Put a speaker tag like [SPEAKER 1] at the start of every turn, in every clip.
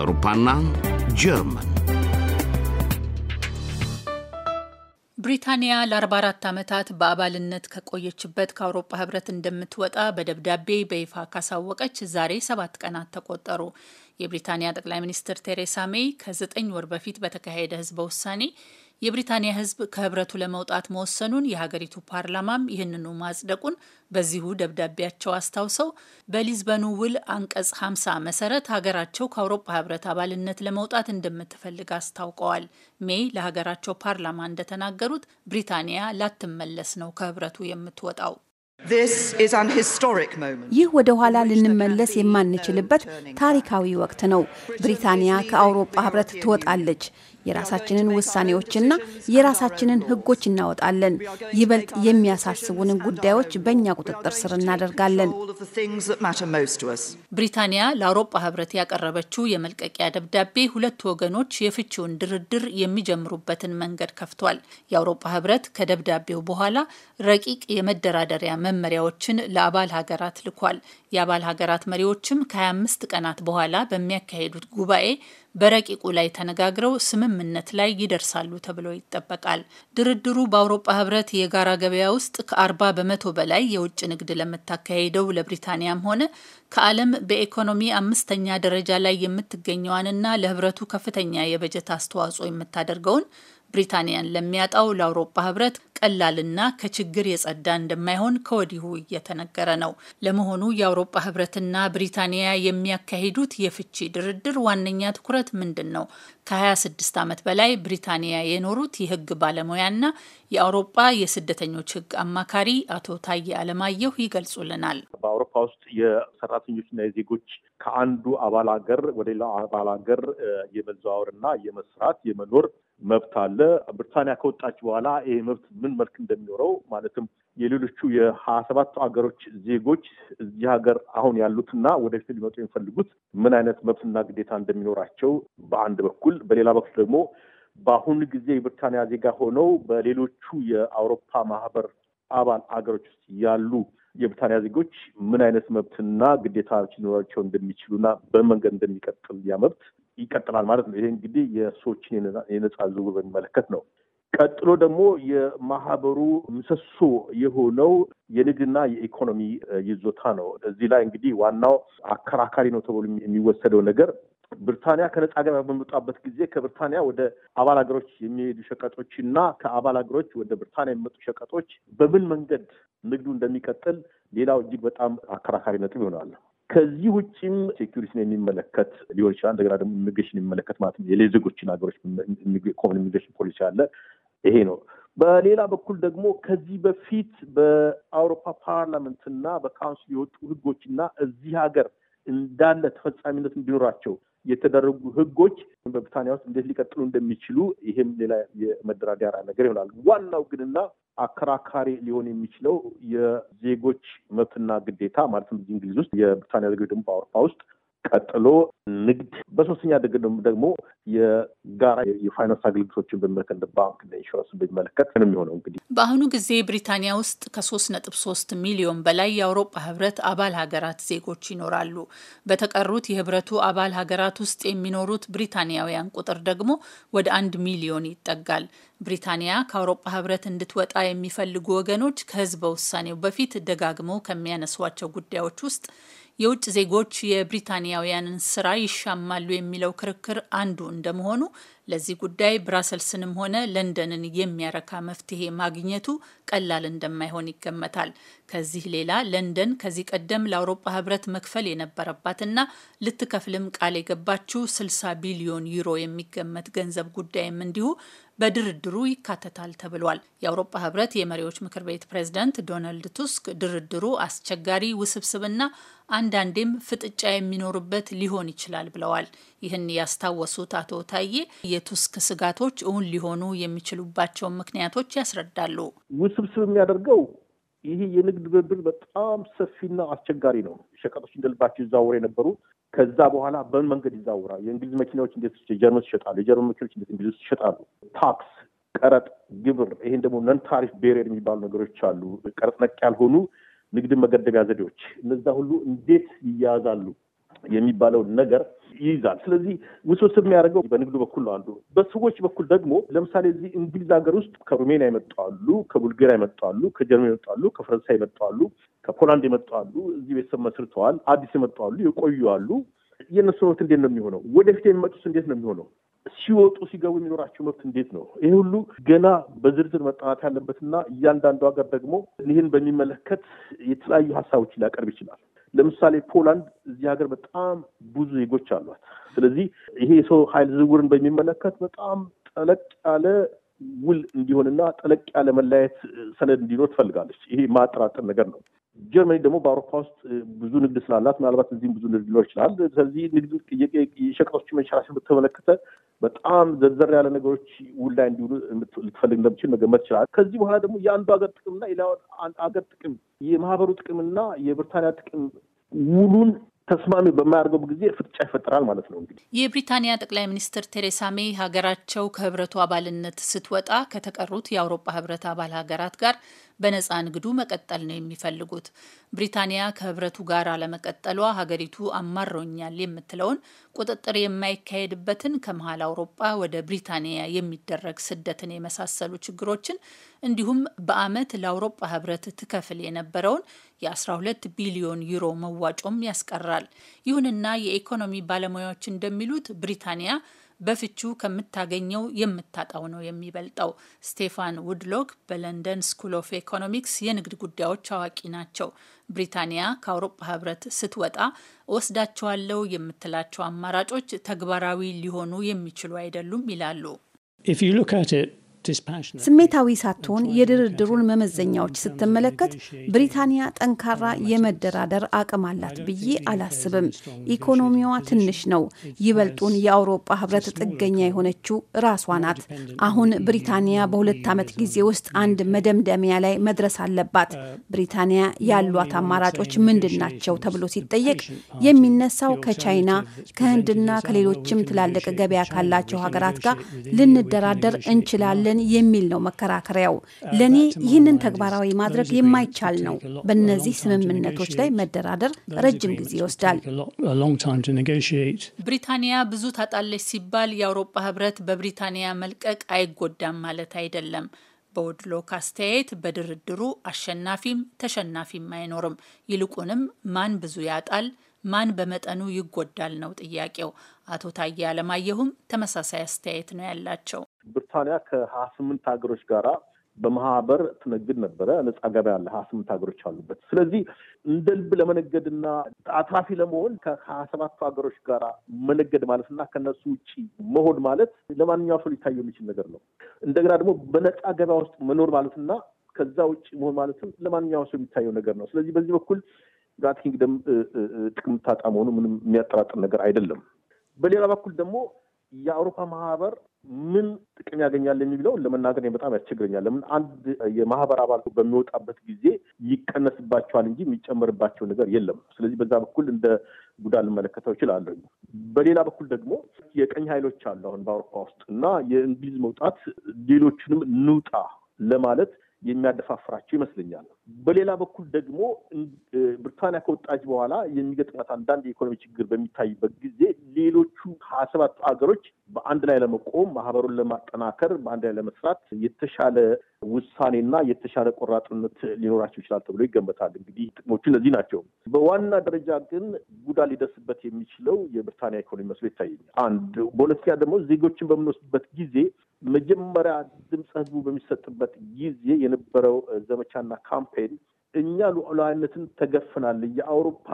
[SPEAKER 1] አውሮፓና ጀርመን
[SPEAKER 2] ብሪታንያ ለ44 ዓመታት በአባልነት ከቆየችበት ከአውሮፓ ህብረት እንደምትወጣ በደብዳቤ በይፋ ካሳወቀች ዛሬ ሰባት ቀናት ተቆጠሩ። የብሪታንያ ጠቅላይ ሚኒስትር ቴሬሳ ሜይ ከዘጠኝ ወር በፊት በተካሄደ ህዝበ ውሳኔ የብሪታንያ ህዝብ ከህብረቱ ለመውጣት መወሰኑን የሀገሪቱ ፓርላማም ይህንኑ ማጽደቁን በዚሁ ደብዳቤያቸው አስታውሰው በሊዝበኑ ውል አንቀጽ 50 መሰረት ሀገራቸው ከአውሮፓ ህብረት አባልነት ለመውጣት እንደምትፈልግ አስታውቀዋል። ሜይ ለሀገራቸው ፓርላማ እንደተናገሩት ብሪታንያ ላትመለስ ነው ከህብረቱ የምትወጣው።
[SPEAKER 3] ይህ ወደ ኋላ ልንመለስ የማንችልበት ታሪካዊ ወቅት ነው። ብሪታንያ ከአውሮፓ ህብረት ትወጣለች። የራሳችንን ውሳኔዎችና የራሳችንን ህጎች እናወጣለን። ይበልጥ የሚያሳስቡንን ጉዳዮች በእኛ ቁጥጥር ስር እናደርጋለን።
[SPEAKER 2] ብሪታንያ ለአውሮፓ ህብረት ያቀረበችው የመልቀቂያ ደብዳቤ ሁለቱ ወገኖች የፍቺውን ድርድር የሚጀምሩበትን መንገድ ከፍቷል። የአውሮፓ ህብረት ከደብዳቤው በኋላ ረቂቅ የመደራደሪያ መመሪያዎችን ለአባል ሀገራት ልኳል። የአባል ሀገራት መሪዎችም ከ25 ቀናት በኋላ በሚያካሄዱት ጉባኤ በረቂቁ ላይ ተነጋግረው ስምምነት ላይ ይደርሳሉ ተብሎ ይጠበቃል። ድርድሩ በአውሮፓ ህብረት የጋራ ገበያ ውስጥ ከአርባ በመቶ በላይ የውጭ ንግድ ለምታካሄደው ለብሪታንያም ሆነ ከዓለም በኢኮኖሚ አምስተኛ ደረጃ ላይ የምትገኘዋንና ለህብረቱ ከፍተኛ የበጀት አስተዋጽኦ የምታደርገውን ብሪታንያን ለሚያጣው ለአውሮፓ ህብረት ቀላልና ከችግር የጸዳ እንደማይሆን ከወዲሁ እየተነገረ ነው። ለመሆኑ የአውሮፓ ህብረትና ብሪታንያ የሚያካሂዱት የፍቺ ድርድር ዋነኛ ትኩረት ምንድን ነው? ከ26 ዓመት በላይ ብሪታንያ የኖሩት የህግ ባለሙያና የአውሮፓ የስደተኞች ህግ አማካሪ አቶ ታዬ አለማየሁ ይገልጹልናል።
[SPEAKER 1] በአውሮፓ ውስጥ የሰራተኞችና የዜጎች ከአንዱ አባል ሀገር ወደ ሌላው አባል ሀገር የመዘዋወርና የመስራት የመኖር መብት አለ። ብሪታንያ ከወጣች በኋላ ይሄ መብት ምን መልክ እንደሚኖረው ማለትም የሌሎቹ የሀያ ሰባቱ ሀገሮች ዜጎች እዚህ ሀገር አሁን ያሉትና ወደፊት ሊመጡ የሚፈልጉት ምን አይነት መብትና ግዴታ እንደሚኖራቸው በአንድ በኩል፣ በሌላ በኩል ደግሞ በአሁኑ ጊዜ የብሪታንያ ዜጋ ሆነው በሌሎቹ የአውሮፓ ማህበር አባል ሀገሮች ውስጥ ያሉ የብሪታንያ ዜጎች ምን አይነት መብትና ግዴታዎች ሊኖራቸው እንደሚችሉና በመንገድ እንደሚቀጥል ያ መብት ይቀጥላል ማለት ነው። ይሄ እንግዲህ የሰዎችን የነጻ ዝውውር በሚመለከት ነው። ቀጥሎ ደግሞ የማህበሩ ምሰሶ የሆነው የንግድና የኢኮኖሚ ይዞታ ነው። እዚህ ላይ እንግዲህ ዋናው አከራካሪ ነው ተብሎ የሚወሰደው ነገር ብሪታንያ ከነጻ ገበያ በመጣበት ጊዜ ከብሪታንያ ወደ አባል ሀገሮች የሚሄዱ ሸቀጦች እና ከአባል ሀገሮች ወደ ብሪታንያ የሚመጡ ሸቀጦች በምን መንገድ ንግዱ እንደሚቀጥል ሌላው እጅግ በጣም አከራካሪ ነጥብ ይሆናል። ከዚህ ውጭም ሴኪሪቲን የሚመለከት ሊሆን ይችላል። እንደገና ደግሞ ኢሚግሬሽን የሚመለከት ማለት ነው። የዜጎችን ሀገሮች ኮመን ኢሚግሬሽን ፖሊሲ አለ። ይሄ ነው። በሌላ በኩል ደግሞ ከዚህ በፊት በአውሮፓ ፓርላመንትና በካውንስል የወጡ ህጎችና እዚህ ሀገር እንዳለ ተፈጻሚነት እንዲኖራቸው የተደረጉ ህጎች በብሪታንያ ውስጥ እንዴት ሊቀጥሉ እንደሚችሉ ይህም ሌላ የመደራደሪያ ነገር ይሆናል። ዋናው ግንና አከራካሪ ሊሆን የሚችለው የዜጎች መብትና ግዴታ ማለትም እዚህ እንግሊዝ ውስጥ የብሪታንያ ዜጎች ደግሞ በአውሮፓ ውስጥ ቀጥሎ ንግድ፣ በሶስተኛ ደግሞ የጋራ የፋይናንስ አገልግሎቶችን በሚመለከት ባንክ፣ ኢንሹራንስ በሚመለከት ነው የሚሆነው። እንግዲህ
[SPEAKER 2] በአሁኑ ጊዜ ብሪታንያ ውስጥ ከሶስት ነጥብ ሶስት ሚሊዮን በላይ የአውሮፓ ህብረት አባል ሀገራት ዜጎች ይኖራሉ። በተቀሩት የህብረቱ አባል ሀገራት ውስጥ የሚኖሩት ብሪታንያውያን ቁጥር ደግሞ ወደ አንድ ሚሊዮን ይጠጋል። ብሪታንያ ከአውሮፓ ህብረት እንድትወጣ የሚፈልጉ ወገኖች ከህዝበ ውሳኔው በፊት ደጋግመው ከሚያነሷቸው ጉዳዮች ውስጥ የውጭ ዜጎች የብሪታንያውያንን ስራ ይሻማሉ የሚለው ክርክር አንዱ እንደመሆኑ ለዚህ ጉዳይ ብራሰልስንም ሆነ ለንደንን የሚያረካ መፍትሄ ማግኘቱ ቀላል እንደማይሆን ይገመታል። ከዚህ ሌላ ለንደን ከዚህ ቀደም ለአውሮፓ ህብረት መክፈል የነበረባትና ልትከፍልም ቃል የገባችው 60 ቢሊዮን ዩሮ የሚገመት ገንዘብ ጉዳይም እንዲሁ በድርድሩ ይካተታል ተብሏል። የአውሮፓ ህብረት የመሪዎች ምክር ቤት ፕሬዝዳንት ዶናልድ ቱስክ ድርድሩ አስቸጋሪ፣ ውስብስብና አንዳንዴም ፍጥጫ የሚኖርበት ሊሆን ይችላል ብለዋል። ይህን ያስታወሱት አቶ ታዬ የቱስክ ስጋቶች እውን ሊሆኑ የሚችሉባቸውን ምክንያቶች ያስረዳሉ።
[SPEAKER 1] ውስብስብ የሚያደርገው ይህ የንግድ ድርድር በጣም ሰፊና አስቸጋሪ ነው። ሸቀጦች እንደልባቸው ይዛወሩ የነበሩ ከዛ በኋላ በምን መንገድ ይዛውራል? የእንግሊዝ መኪናዎች እንዴት የጀርመን ይሸጣሉ? የጀርመን መኪናዎች እንዴት እንግሊዝ ይሸጣሉ? ታክስ፣ ቀረጥ፣ ግብር፣ ይሄን ደግሞ ነን ታሪፍ ቤሬር የሚባሉ ነገሮች አሉ። ቀረጥ ነቅ ያልሆኑ ንግድን መገደቢያ ዘዴዎች፣ እነዛ ሁሉ እንዴት ይያያዛሉ? የሚባለውን ነገር ይይዛል። ስለዚህ ውስብስብ የሚያደርገው በንግዱ በኩል ነው አንዱ። በሰዎች በኩል ደግሞ ለምሳሌ እዚህ እንግሊዝ ሀገር ውስጥ ከሩሜኒያ የመጡ ከቡልጌሪያ ከቡልጋሪያ ከጀርመን የመጡ ከፈረንሳይ የመጡ ከፖላንድ የመጡ እዚህ ቤተሰብ መስርተዋል፣ አዲስ የመጡ የቆዩ አሉ። የእነሱ መብት እንዴት ነው የሚሆነው? ወደፊት የሚመጡት እንዴት ነው የሚሆነው? ሲወጡ ሲገቡ የሚኖራቸው መብት እንዴት ነው? ይህ ሁሉ ገና በዝርዝር መጠናት ያለበትና እያንዳንዱ ሀገር ደግሞ ይህን በሚመለከት የተለያዩ ሀሳቦች ሊያቀርብ ይችላል። ለምሳሌ ፖላንድ እዚህ ሀገር በጣም ብዙ ዜጎች አሏት። ስለዚህ ይሄ የሰው ኃይል ዝውውርን በሚመለከት በጣም ጠለቅ ያለ ውል እንዲሆንና ጠለቅ ያለ መለያየት ሰነድ እንዲኖር ትፈልጋለች። ይሄ ማጠራጠር ነገር ነው። ጀርመኒ ደግሞ በአውሮፓ ውስጥ ብዙ ንግድ ስላላት ምናልባት እዚህም ብዙ ንግድ ሊኖር ይችላል። ስለዚህ ንግድ ሸቀጦች መሸራሸር በተመለከተ በጣም ዘርዘር ያለ ነገሮች ውል ላይ እንዲውሉ ልትፈልግ እንደምችል መገመት ይችላል። ከዚህ በኋላ ደግሞ የአንዱ ሀገር ጥቅምና የሌላው አገር ጥቅም የማህበሩ ጥቅምና የብሪታንያ ጥቅም ውሉን ተስማሚ በማያደርገው ጊዜ ፍጥጫ ይፈጠራል ማለት ነው። እንግዲህ
[SPEAKER 2] የብሪታንያ ጠቅላይ ሚኒስትር ቴሬሳ ሜይ ሀገራቸው ከህብረቱ አባልነት ስትወጣ ከተቀሩት የአውሮፓ ህብረት አባል ሀገራት ጋር በነፃ ንግዱ መቀጠል ነው የሚፈልጉት። ብሪታንያ ከህብረቱ ጋር ለመቀጠሏ ሀገሪቱ አማረውኛል የምትለውን ቁጥጥር የማይካሄድበትን ከመሀል አውሮጳ ወደ ብሪታንያ የሚደረግ ስደትን የመሳሰሉ ችግሮችን እንዲሁም በአመት ለአውሮጳ ህብረት ትከፍል የነበረውን የ12 ቢሊዮን ዩሮ መዋጮም ያስቀራል። ይሁንና የኢኮኖሚ ባለሙያዎች እንደሚሉት ብሪታንያ በፍቹ ከምታገኘው የምታጣው ነው የሚበልጠው። ስቴፋን ውድሎክ በለንደን ስኩል ኦፍ ኢኮኖሚክስ የንግድ ጉዳዮች አዋቂ ናቸው። ብሪታንያ ከአውሮፓ ህብረት ስትወጣ ወስዳቸዋለው የምትላቸው አማራጮች ተግባራዊ ሊሆኑ የሚችሉ አይደሉም ይላሉ።
[SPEAKER 3] ስሜታዊ ሳትሆን የድርድሩን መመዘኛዎች ስትመለከት ብሪታንያ ጠንካራ የመደራደር አቅም አላት ብዬ አላስብም። ኢኮኖሚዋ ትንሽ ነው። ይበልጡን የአውሮፓ ሕብረት ጥገኛ የሆነችው ራሷ ናት። አሁን ብሪታንያ በሁለት ዓመት ጊዜ ውስጥ አንድ መደምደሚያ ላይ መድረስ አለባት። uh, ብሪታንያ ያሏት አማራጮች ምንድን ናቸው ተብሎ ሲጠየቅ የሚነሳው ከቻይና ከህንድና ከሌሎችም ትላልቅ ገበያ ካላቸው ሀገራት ጋር ልንደራደር እንችላለን እንችላለን የሚል ነው መከራከሪያው። ለእኔ ይህንን ተግባራዊ ማድረግ የማይቻል ነው። በእነዚህ ስምምነቶች ላይ መደራደር ረጅም ጊዜ ይወስዳል።
[SPEAKER 2] ብሪታንያ ብዙ ታጣለች ሲባል የአውሮፓ ህብረት በብሪታንያ መልቀቅ አይጎዳም ማለት አይደለም። በወድሎክ አስተያየት በድርድሩ አሸናፊም ተሸናፊም አይኖርም። ይልቁንም ማን ብዙ ያጣል ማን በመጠኑ ይጎዳል ነው ጥያቄው። አቶ ታዬ አለማየሁም ተመሳሳይ አስተያየት ነው ያላቸው።
[SPEAKER 1] ብሪታንያ ከሀያ ስምንት ሀገሮች ጋራ በማህበር ትነግድ ነበረ። ነጻ ገበያ አለ፣ ሀያ ስምንት ሀገሮች አሉበት። ስለዚህ እንደ ልብ ለመነገድና አትራፊ ለመሆን ከሀያ ሰባቱ ሀገሮች ጋር መነገድ ማለትና ከነሱ ውጭ መሆን ማለት ለማንኛውም ሰው ሊታየው የሚችል ነገር ነው። እንደገና ደግሞ በነጻ ገበያ ውስጥ መኖር ማለትና ከዛ ውጭ መሆን ማለትም ለማንኛውም ሰው የሚታየው ነገር ነው። ስለዚህ በዚህ በኩል ጋት ኪንግደም ጥቅም ታጣ መሆኑ ምንም የሚያጠራጥር ነገር አይደለም። በሌላ በኩል ደግሞ የአውሮፓ ማህበር ምን ጥቅም ያገኛል የሚለው ለመናገር በጣም ያስቸግረኛል። ለምን አንድ የማህበር አባል በሚወጣበት ጊዜ ይቀነስባቸዋል እንጂ የሚጨመርባቸው ነገር የለም። ስለዚህ በዛ በኩል እንደ ጉዳ ልመለከተው እችላለሁ። በሌላ በኩል ደግሞ የቀኝ ኃይሎች አሉ አሁን በአውሮፓ ውስጥ እና የእንግሊዝ መውጣት ሌሎችንም ንውጣ ለማለት የሚያደፋፍራቸው ይመስለኛል። በሌላ በኩል ደግሞ ብሪታንያ ከወጣች በኋላ የሚገጥማት አንዳንድ የኢኮኖሚ ችግር በሚታይበት ጊዜ ሌሎቹ ሀያ ሰባቱ ሀገሮች በአንድ ላይ ለመቆም ማህበሩን ለማጠናከር በአንድ ላይ ለመስራት የተሻለ ውሳኔና የተሻለ ቆራጥነት ሊኖራቸው ይችላል ተብሎ ይገመታል። እንግዲህ ጥቅሞቹ እነዚህ ናቸው። በዋና ደረጃ ግን ጉዳ ሊደርስበት የሚችለው የብሪታንያ ኢኮኖሚ መስሎ ይታየኛል። አንድ በሁለተኛ ደግሞ ዜጎችን በምንወስድበት ጊዜ መጀመሪያ ድምፅ ህዝቡ በሚሰጥበት ጊዜ የነበረው ዘመቻና ካምፔን እኛ ሉዓላዊነትን ተገፍናል፣ የአውሮፓ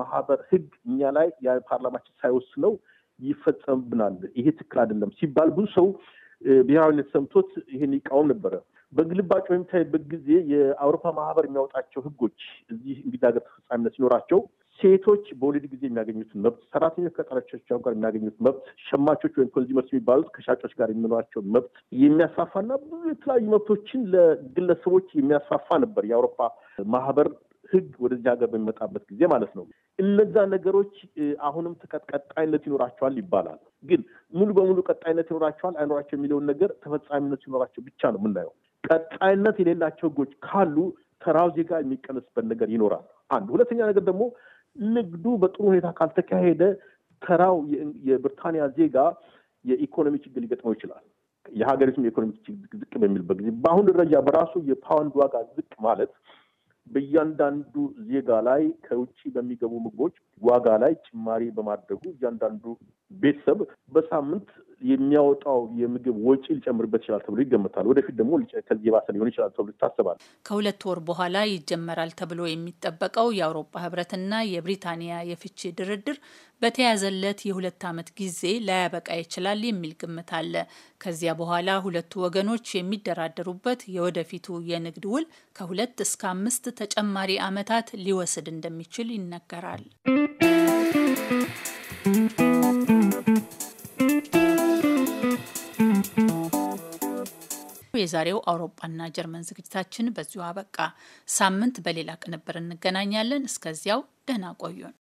[SPEAKER 1] ማህበር ህግ እኛ ላይ የፓርላማችን ሳይወስነው ይፈጸምብናል፣ ይሄ ትክክል አይደለም ሲባል ብዙ ሰው ብሔራዊነት ሰምቶት ይህን ይቃወም ነበረ። በግልባጭ በሚታይበት ጊዜ የአውሮፓ ማህበር የሚያወጣቸው ህጎች እዚህ እንግዲህ ሀገር ተፈጻሚነት ሲኖራቸው ሴቶች በወሊድ ጊዜ የሚያገኙት መብት፣ ሰራተኞች ከጠረቻቸው ጋር የሚያገኙት መብት፣ ሸማቾች ወይም ኮንዚመርስ የሚባሉት ከሻጮች ጋር የሚኖራቸው መብት የሚያስፋፋና ብዙ የተለያዩ መብቶችን ለግለሰቦች የሚያስፋፋ ነበር የአውሮፓ ማህበር ህግ ወደዚህ ሀገር በሚመጣበት ጊዜ ማለት ነው። እነዛ ነገሮች አሁንም ቀጣይነት ይኖራቸዋል ይባላል። ግን ሙሉ በሙሉ ቀጣይነት ይኖራቸዋል አይኖራቸው የሚለውን ነገር ተፈጻሚነት ሲኖራቸው ብቻ ነው የምናየው። ቀጣይነት የሌላቸው ህጎች ካሉ ተራው ዜጋ የሚቀነስበት ነገር ይኖራል። አንድ ሁለተኛ ነገር ደግሞ ንግዱ በጥሩ ሁኔታ ካልተካሄደ ተራው የብሪታንያ ዜጋ የኢኮኖሚ ችግር ሊገጥመው ይችላል። የሀገሪቱም የኢኮኖሚ ችግር ዝቅ በሚልበት ጊዜ በአሁን ደረጃ በራሱ የፓውንድ ዋጋ ዝቅ ማለት በእያንዳንዱ ዜጋ ላይ ከውጭ በሚገቡ ምግቦች ዋጋ ላይ ጭማሪ በማድረጉ እያንዳንዱ ቤተሰብ በሳምንት የሚያወጣው የምግብ ወጪ ሊጨምርበት ይችላል ተብሎ ይገመታል። ወደፊት ደግሞ ከዚህ የባሰ ሊሆን ይችላል ተብሎ ይታሰባል።
[SPEAKER 2] ከሁለት ወር በኋላ ይጀመራል ተብሎ የሚጠበቀው የአውሮፓ ህብረትና የብሪታንያ የፍቺ ድርድር በተያዘለት የሁለት ዓመት ጊዜ ላያበቃ ይችላል የሚል ግምት አለ። ከዚያ በኋላ ሁለቱ ወገኖች የሚደራደሩበት የወደፊቱ የንግድ ውል ከሁለት እስከ አምስት ተጨማሪ ዓመታት ሊወስድ እንደሚችል ይነገራል። የዛሬው አውሮፓና ጀርመን ዝግጅታችን በዚሁ አበቃ። ሳምንት በሌላ ቅንብር እንገናኛለን። እስከዚያው ደህና
[SPEAKER 1] ቆዩን።